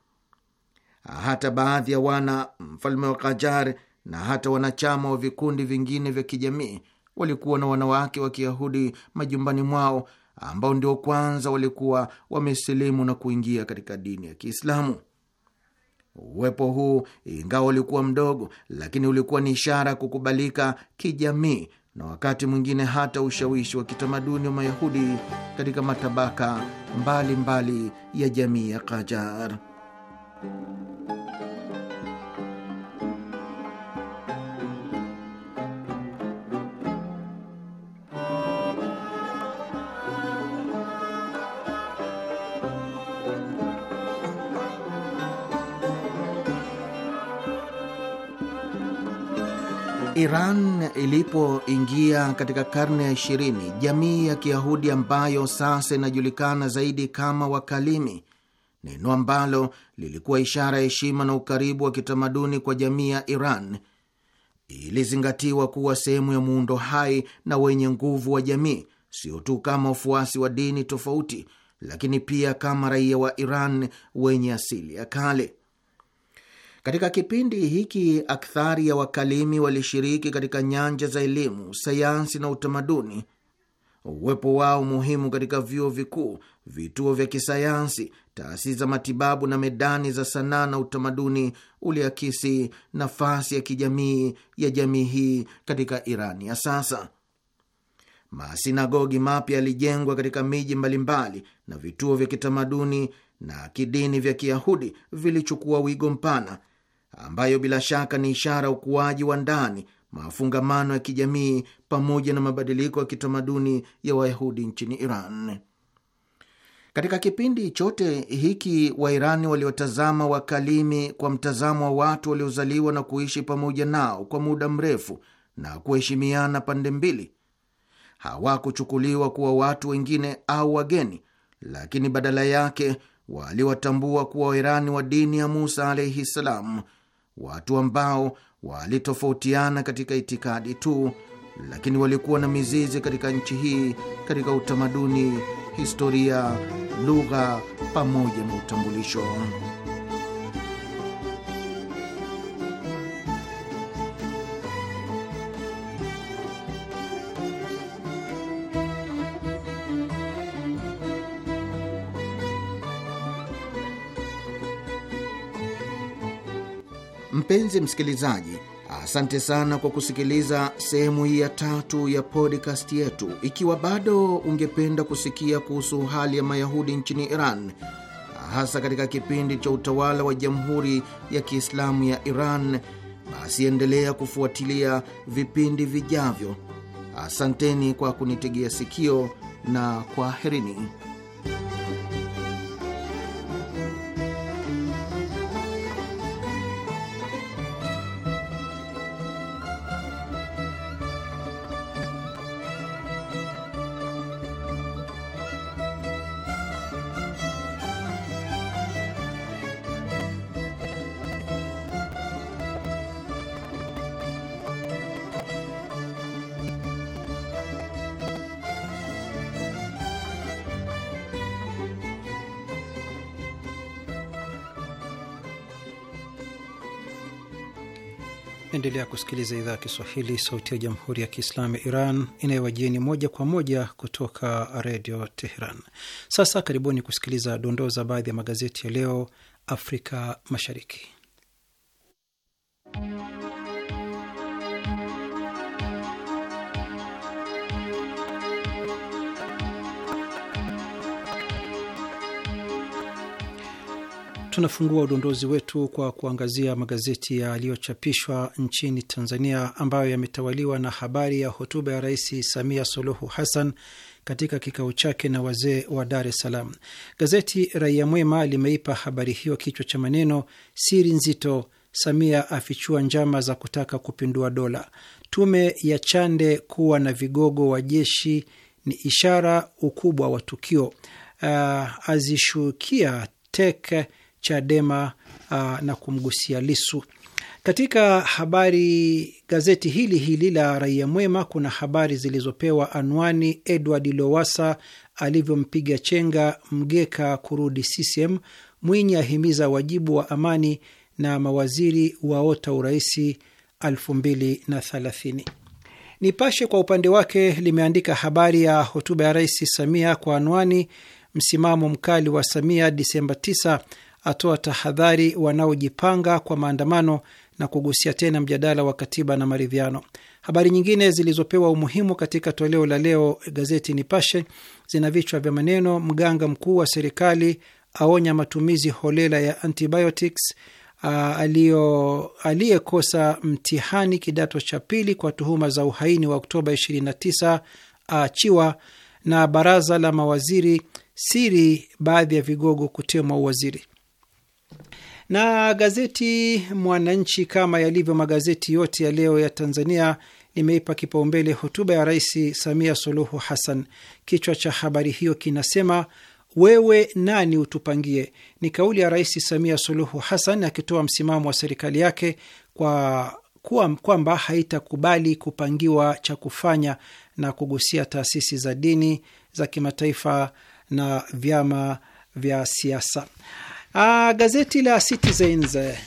Speaker 3: Hata baadhi ya wana mfalme wa Kajar na hata wanachama wa vikundi vingine vya kijamii walikuwa na wanawake wa Kiyahudi majumbani mwao ambao ndio kwanza walikuwa wamesilimu na kuingia katika dini ya Kiislamu. Uwepo huu ingawa ulikuwa mdogo, lakini ulikuwa ni ishara ya kukubalika kijamii na wakati mwingine hata ushawishi wa kitamaduni wa Mayahudi katika matabaka mbalimbali mbali ya jamii ya Qajar. Iran ilipoingia katika karne ya ishirini, jamii ya Kiyahudi ambayo sasa inajulikana zaidi kama Wakalimi, neno ambalo lilikuwa ishara ya heshima na ukaribu wa kitamaduni kwa jamii ya Iran, ilizingatiwa kuwa sehemu ya muundo hai na wenye nguvu wa jamii, sio tu kama wafuasi wa dini tofauti, lakini pia kama raia wa Iran wenye asili ya kale. Katika kipindi hiki akthari ya wakalimi walishiriki katika nyanja za elimu, sayansi na utamaduni. Uwepo wao muhimu katika vyuo vikuu, vituo vya kisayansi, taasisi za matibabu na medani za sanaa na utamaduni uliakisi nafasi ya kijamii ya jamii hii katika Irani ya sasa. Masinagogi mapya yalijengwa katika miji mbalimbali na vituo vya kitamaduni na kidini vya Kiyahudi vilichukua wigo mpana ambayo bila shaka ni ishara ya ukuaji wa ndani, mafungamano ya kijamii, pamoja na mabadiliko ya kitamaduni ya Wayahudi nchini Iran. Katika kipindi chote hiki Wairani waliotazama Wakalimi kwa mtazamo wa watu waliozaliwa na kuishi pamoja nao kwa muda mrefu na kuheshimiana pande mbili, hawakuchukuliwa kuwa watu wengine au wageni, lakini badala yake waliwatambua kuwa Wairani wa dini ya Musa alaihi ssalam, watu ambao walitofautiana katika itikadi tu, lakini walikuwa na mizizi katika nchi hii, katika utamaduni, historia, lugha pamoja na utambulisho. Mpenzi msikilizaji, asante sana kwa kusikiliza sehemu hii ya tatu ya podcast yetu. Ikiwa bado ungependa kusikia kuhusu hali ya Mayahudi nchini Iran, hasa katika kipindi cha utawala wa Jamhuri ya Kiislamu ya Iran, basi endelea kufuatilia vipindi vijavyo. Asanteni kwa kunitegea sikio na kwaherini.
Speaker 1: Unaendelea kusikiliza idhaa ya Kiswahili, sauti ya jamhuri ya kiislamu ya Iran inayowajieni moja kwa moja kutoka redio Teheran. Sasa karibuni kusikiliza dondoo za baadhi ya magazeti ya leo Afrika Mashariki. Tunafungua udondozi wetu kwa kuangazia magazeti yaliyochapishwa nchini Tanzania ambayo yametawaliwa na habari ya hotuba ya Rais Samia Suluhu Hassan katika kikao chake na wazee wa Dar es Salaam. Gazeti Raia Mwema limeipa habari hiyo kichwa cha maneno, siri nzito, Samia afichua njama za kutaka kupindua dola, tume ya Chande kuwa na vigogo wa jeshi ni ishara ukubwa wa tukio, uh, azishukia tek Chadema uh, na kumgusia Lisu. Katika habari gazeti hili hili la Raia Mwema kuna habari zilizopewa anwani Edward Lowasa alivyompiga chenga Mgeka kurudi CCM, Mwinyi ahimiza wajibu wa amani na mawaziri waota uraisi 2030. Nipashe kwa upande wake limeandika habari ya hotuba ya Rais Samia kwa anwani msimamo mkali wa Samia Disemba 9 atoa tahadhari wanaojipanga kwa maandamano na kugusia tena mjadala wa katiba na maridhiano. Habari nyingine zilizopewa umuhimu katika toleo la leo gazeti Nipashe zina vichwa vya maneno: mganga mkuu wa serikali aonya matumizi holela ya antibiotics, aliyekosa mtihani kidato cha pili kwa tuhuma za uhaini wa Oktoba 29 aachiwa, na baraza la mawaziri siri baadhi ya vigogo kutemwa uwaziri. Na gazeti Mwananchi, kama yalivyo magazeti yote ya leo ya Tanzania, limeipa kipaumbele hotuba ya Rais Samia Suluhu Hassan. Kichwa cha habari hiyo kinasema wewe nani utupangie? Ni kauli ya Rais Samia Suluhu Hassan akitoa msimamo wa serikali yake kwa kwamba haitakubali kupangiwa cha kufanya na kugusia taasisi za dini za kimataifa na vyama vya siasa. Aa, ah, gazeti la Citizens eh,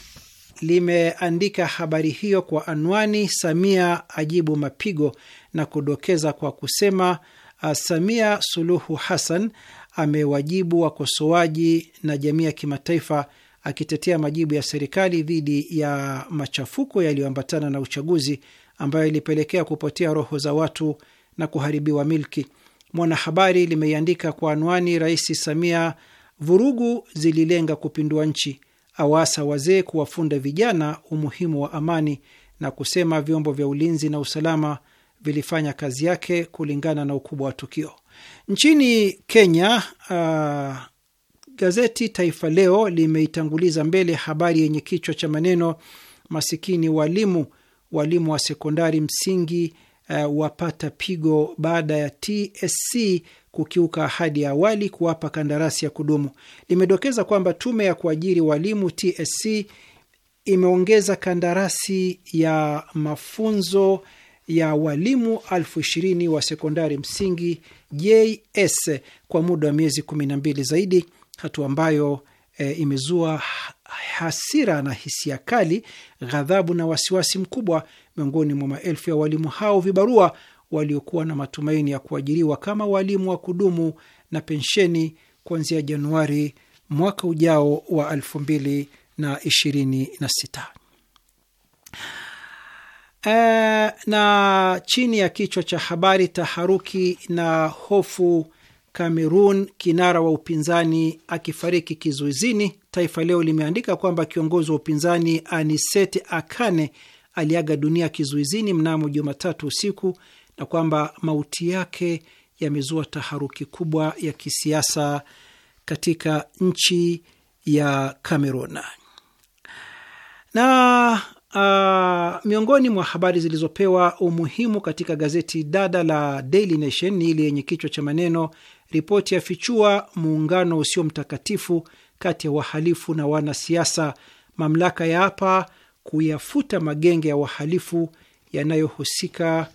Speaker 1: limeandika habari hiyo kwa anwani Samia ajibu mapigo na kudokeza kwa kusema ah, Samia Suluhu Hassan amewajibu wakosoaji na jamii ya kimataifa akitetea majibu ya serikali dhidi ya machafuko yaliyoambatana na uchaguzi ambayo ilipelekea kupotea roho za watu na kuharibiwa milki. Mwanahabari limeiandika kwa anwani Rais Samia Vurugu zililenga kupindua nchi, awasa wazee kuwafunda vijana umuhimu wa amani na kusema vyombo vya ulinzi na usalama vilifanya kazi yake kulingana na ukubwa wa tukio. Nchini Kenya, uh, gazeti Taifa Leo limeitanguliza mbele habari yenye kichwa cha maneno masikini walimu, walimu wa sekondari msingi uh, wapata pigo baada ya TSC kukiuka ahadi ya awali kuwapa kandarasi ya kudumu. Limedokeza kwamba tume ya kuajiri walimu TSC imeongeza kandarasi ya mafunzo ya walimu elfu ishirini wa sekondari msingi JS kwa muda wa miezi 12 zaidi, hatua ambayo e, imezua hasira na hisia kali, ghadhabu na wasiwasi mkubwa miongoni mwa maelfu ya walimu hao vibarua waliokuwa na matumaini ya kuajiriwa kama walimu wa kudumu na pensheni kuanzia Januari mwaka ujao wa 2026. Eh, na chini ya kichwa cha habari taharuki na hofu Kamerun kinara wa upinzani akifariki kizuizini. Taifa Leo limeandika kwamba kiongozi wa upinzani Anisete Akane aliaga dunia kizuizini mnamo Jumatatu usiku na kwamba mauti yake yamezua taharuki kubwa ya kisiasa katika nchi ya Kamerun. Na uh, miongoni mwa habari zilizopewa umuhimu katika gazeti dada la Daily Nation ni ile yenye kichwa cha maneno ripoti yafichua muungano usio mtakatifu kati ya wahalifu na wanasiasa, mamlaka ya hapa kuyafuta magenge ya wahalifu yanayohusika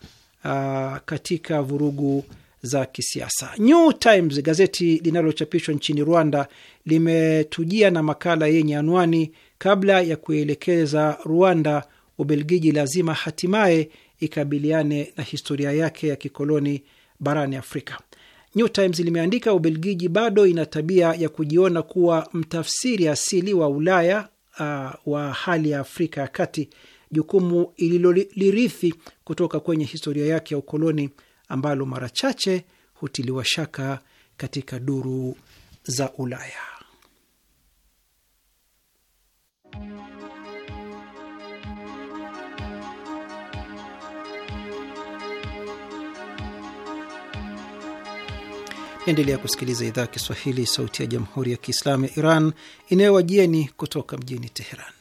Speaker 1: uh, katika vurugu za kisiasa. New Times, gazeti linalochapishwa nchini Rwanda, limetujia na makala yenye anwani kabla ya kuelekeza Rwanda, Ubelgiji lazima hatimaye ikabiliane na historia yake ya kikoloni barani Afrika. New Times limeandika Ubelgiji bado ina tabia ya kujiona kuwa mtafsiri asili wa Ulaya uh, wa hali ya Afrika ya Kati, jukumu ililolirithi kutoka kwenye historia yake ya ukoloni ambalo mara chache hutiliwa shaka katika duru za Ulaya. Endelea kusikiliza idhaa ya Kiswahili, sauti ya jamhuri ya kiislamu ya Iran inayowajieni kutoka mjini Teheran.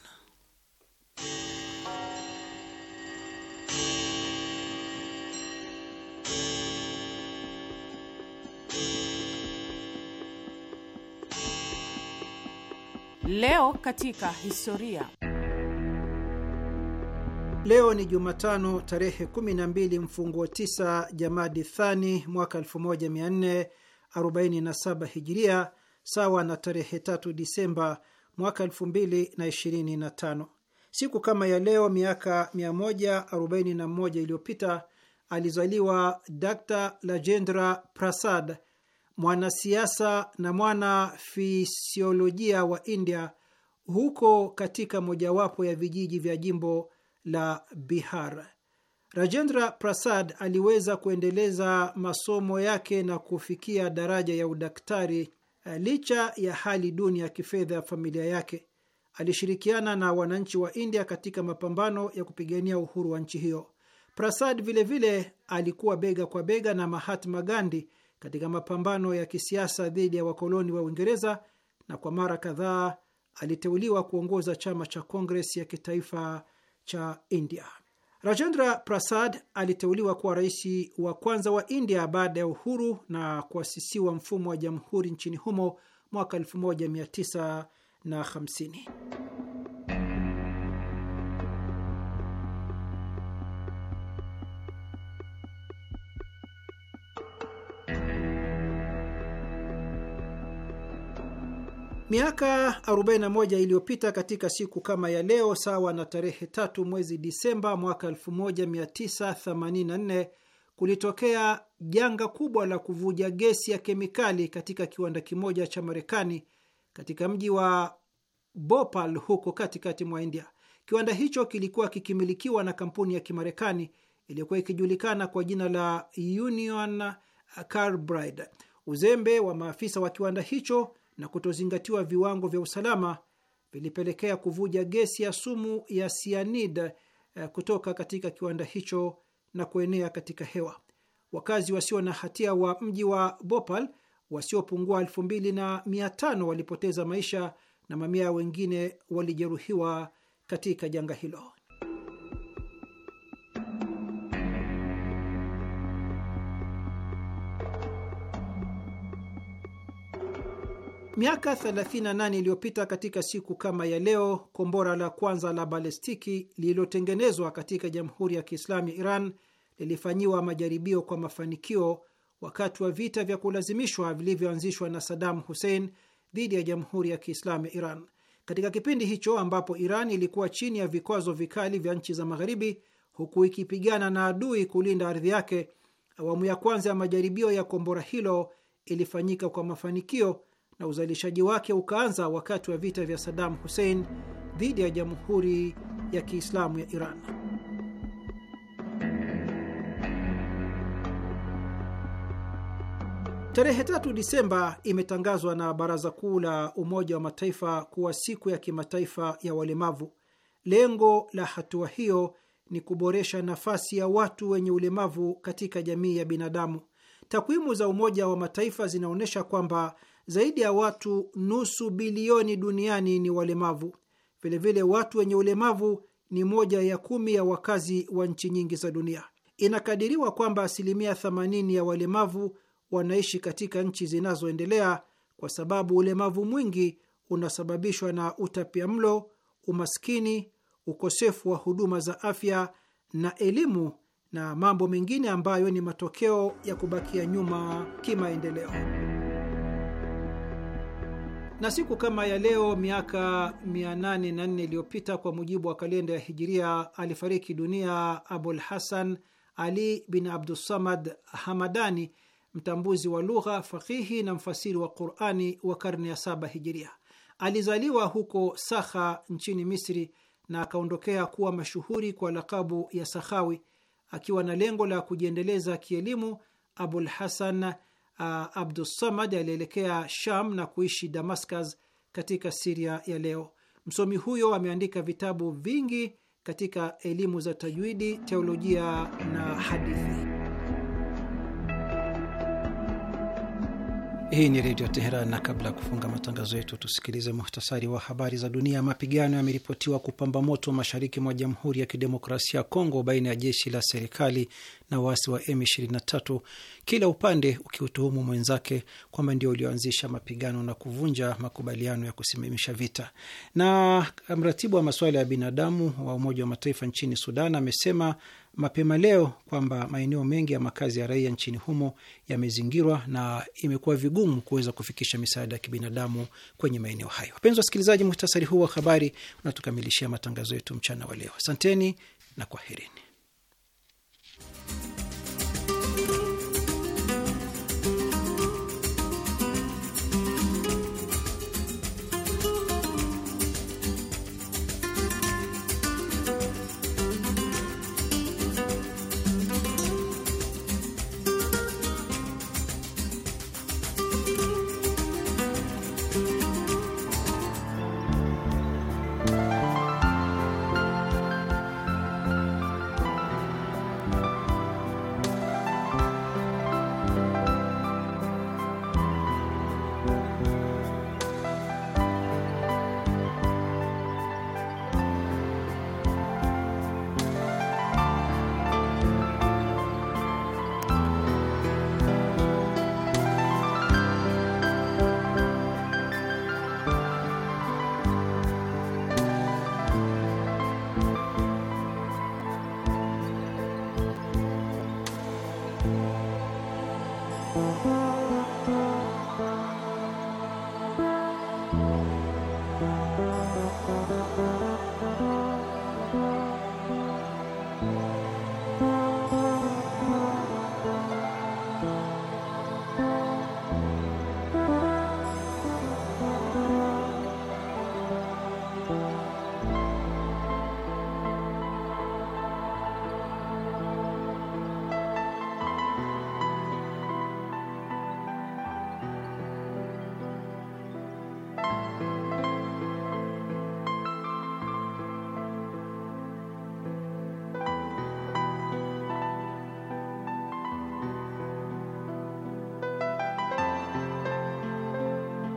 Speaker 4: Leo katika historia.
Speaker 1: Leo ni Jumatano tarehe 12 mfunguo 9 Jamadi Thani mwaka 1400 47 hijiria sawa na tarehe 3 Disemba mwaka 2025. Siku kama ya leo miaka 141 iliyopita alizaliwa Dr. Rajendra Prasad, mwanasiasa na mwana fisiolojia wa India huko katika mojawapo ya vijiji vya jimbo la Bihar. Rajendra Prasad aliweza kuendeleza masomo yake na kufikia daraja ya udaktari eh, licha ya hali duni ya kifedha ya familia yake. Alishirikiana na wananchi wa India katika mapambano ya kupigania uhuru wa nchi hiyo. Prasad vilevile vile alikuwa bega kwa bega na Mahatma Gandhi katika mapambano ya kisiasa dhidi ya wakoloni wa Uingereza na kwa mara kadhaa aliteuliwa kuongoza chama cha kongres ya kitaifa cha India. Rajendra Prasad aliteuliwa kuwa rais wa kwanza wa India baada ya uhuru na kuasisiwa mfumo wa jamhuri nchini humo mwaka 1950. Miaka 41 iliyopita katika siku kama ya leo, sawa na tarehe tatu mwezi Disemba mwaka 1984 kulitokea janga kubwa la kuvuja gesi ya kemikali katika kiwanda kimoja cha Marekani katika mji wa Bhopal huko katikati mwa India. Kiwanda hicho kilikuwa kikimilikiwa na kampuni ya Kimarekani iliyokuwa ikijulikana kwa jina la Union Carbide. Uzembe wa maafisa wa kiwanda hicho na kutozingatiwa viwango vya usalama vilipelekea kuvuja gesi ya sumu ya sianid eh, kutoka katika kiwanda hicho na kuenea katika hewa. Wakazi wasio na hatia wa mji wa Bhopal wasiopungua elfu mbili na mia tano walipoteza maisha na mamia wengine walijeruhiwa katika janga hilo. Miaka 38 iliyopita katika siku kama ya leo, kombora la kwanza la balestiki lililotengenezwa katika Jamhuri ya Kiislamu ya Iran lilifanyiwa majaribio kwa mafanikio wakati wa vita vya kulazimishwa vilivyoanzishwa na Saddam Hussein dhidi ya Jamhuri ya Kiislamu ya Iran. Katika kipindi hicho ambapo Iran ilikuwa chini ya vikwazo vikali vya nchi za Magharibi, huku ikipigana na adui kulinda ardhi yake, awamu ya kwanza ya majaribio ya kombora hilo ilifanyika kwa mafanikio na uzalishaji wake ukaanza wakati wa vita vya Saddam Hussein dhidi ya Jamhuri ya Kiislamu ya Iran. Tarehe tatu Disemba imetangazwa na Baraza Kuu la Umoja wa Mataifa kuwa siku ya kimataifa ya walemavu. Lengo la hatua hiyo ni kuboresha nafasi ya watu wenye ulemavu katika jamii ya binadamu. Takwimu za Umoja wa Mataifa zinaonyesha kwamba zaidi ya watu nusu bilioni duniani ni walemavu. Vilevile watu wenye ulemavu ni moja ya kumi ya wakazi wa nchi nyingi za dunia. Inakadiriwa kwamba asilimia 80 ya walemavu wanaishi katika nchi zinazoendelea kwa sababu ulemavu mwingi unasababishwa na utapiamlo, umaskini, ukosefu wa huduma za afya na elimu na mambo mengine ambayo ni matokeo ya kubakia nyuma kimaendeleo na siku kama ya leo miaka 804 iliyopita kwa mujibu wa kalenda ya Hijiria alifariki dunia Abul Hasan Ali bin Abdussamad Hamadani, mtambuzi wa lugha, fakihi na mfasiri wa Qurani wa karne ya saba Hijiria. Alizaliwa huko Sakha nchini Misri na akaondokea kuwa mashuhuri kwa lakabu ya Sakhawi. Akiwa na lengo la kujiendeleza kielimu, Abul Hasan uh, Abdussamad alielekea Sham na kuishi Damascus katika Siria ya leo. Msomi huyo ameandika vitabu vingi katika elimu za tajwidi, teolojia na hadithi. Hii ni Redio Teheran, na kabla ya kufunga matangazo yetu tusikilize muhtasari wa habari za dunia. Mapigano yameripotiwa kupamba moto mashariki mwa Jamhuri ya Kidemokrasia ya Kongo baina ya jeshi la serikali na waasi wa M23, kila upande ukiutuhumu mwenzake kwamba ndio ulioanzisha mapigano na kuvunja makubaliano ya kusimamisha vita. Na mratibu wa masuala ya binadamu wa Umoja wa Mataifa nchini Sudan amesema mapema leo kwamba maeneo mengi ya makazi ya raia nchini humo yamezingirwa na imekuwa vigumu kuweza kufikisha misaada ya kibinadamu kwenye maeneo hayo. Wapenzi wasikilizaji, muhtasari huu wa habari unatukamilishia matangazo yetu mchana wa leo. Asanteni na kwaherini.